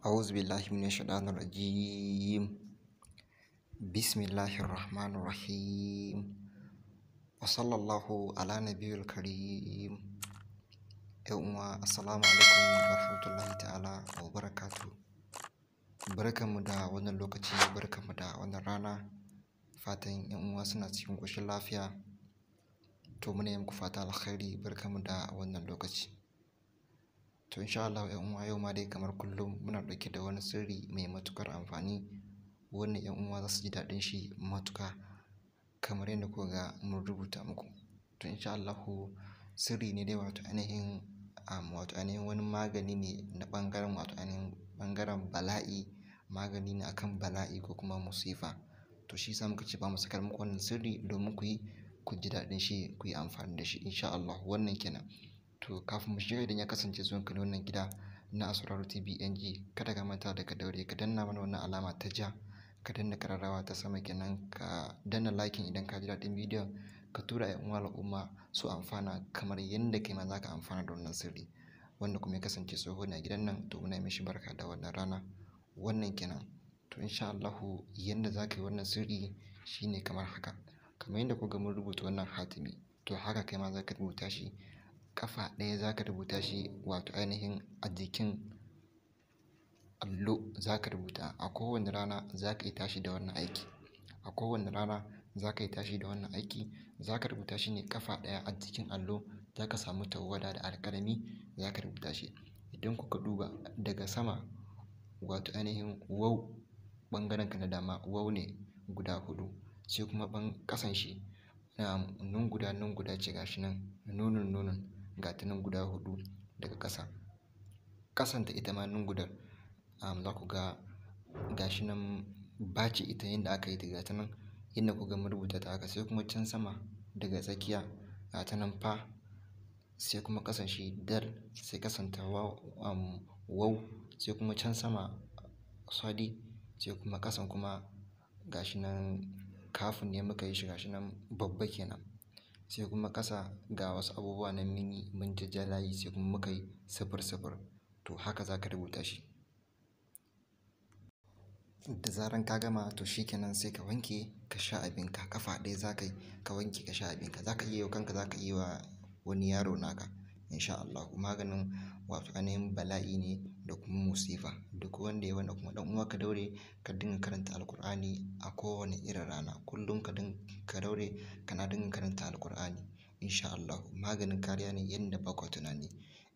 أعوذ بالله من الشيطان الرجيم بسم الله الرحمن الرحيم وصلى الله على نبي الكريم يوم السلام عليكم ورحمة barkanmu da wannan lokaci barkanmu da wannan rana fatan yan uwa suna cikin ƙoshin lafiya to muna yi muku fata alkhairi barkanmu da wannan lokaci To insha Allah ‘yan uwa yau ma dai kamar kullum muna ɗauke da wani sirri mai matukar amfani wanda 'yan uwa za su ji daɗin shi matuka kamar yadda kuka ga mun rubuta muku. To insha sirri ne dai wato ainihin wato ainihin wani magani ne na ɓangaren wato ainihin ɓangaren bala'i magani ne akan bala'i ko kuma musifa. To shi sa muka ce ba mu sakar muku wannan sirri domin ku yi ku ji daɗin shi ku yi amfani da shi insha Allah wannan kenan. To kafin mu shiga idan ya kasance zuwan ka wannan gida na Asraru TV NG kada ka mata daga daure ka danna mana wannan alama ta ja ka danna kararrawa ta sama kenan ka danna lakin idan ka ji daɗin bidiyon ka tura a uwa al'umma su amfana kamar yadda kai ma za ka amfana da wannan sirri wanda kuma ya kasance tsoho na gidan nan to muna mishi barka da wannan rana wannan kenan to insha Allahu yadda za ka yi wannan sirri shine kamar haka kamar yadda ga mun rubuta wannan hatimi to haka kai ma za ka rubuta shi kafa ɗaya za ka rubuta shi wato ainihin a jikin allo za ka rubuta a kowane rana za ka yi tashi da wannan aiki a kowane rana za ka yi tashi da wannan aiki za ka rubuta shi ne ƙafa ɗaya a jikin allo za ka samu tawada da alƙalami za ka rubuta shi idan kuka duba daga sama wato ainihin wau ka na dama wau ne guda huɗu sai kuma ɓan ƙasan shi nun guda nun guda ce gashi nan nunin nunin. ga ta nan guda huɗu daga ƙasa ƙasanta ita ma nan guda um, za ku ga gashi nan bace ita yadda aka yi ta ga ta nan inda ga rubuta ta haka sai kuma can sama daga tsakiya ga ta nan fa sai kuma ƙasan shi dal sai ƙasanta um, wau sai kuma can sama sadi sai kuma ƙasan kuma gashi nan kafin ne muka yi shi gashi nan babba kenan sai kuma ƙasa ga wasu abubuwa na mun mun sai kuma muka yi sifir sifir to haka za ka rubuta shi da zaran ka gama to shi kenan sai ka wanke ka sha abinka kafa ɗaya za ka yi ka wanke ka sha abinka za ka iya yau kanka za ka yi wa wani yaro naka insha Allahu. Maganin wato ainihin bala'i ne da kuma musifa. Duk wanda ya wanda kuma dan uwa ka daure ka dinga karanta Alqur'ani a kowane irin rana. Kullum ka dinga ka daure kana dinga karanta Alqur'ani insha Allahu. Maganin kariya ne yanda ba tunani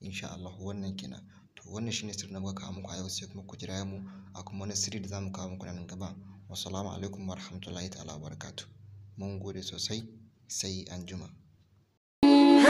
insha Allahu. Wannan kina To wannan shine sirrin na muka muku a yau sai kuma ku jira mu a kuma wani sirri da zamu mu kawo muku nan gaba. Wassalamu alaikum warahmatullahi ta'ala wabarakatuh. Mun gode sosai sai anjima.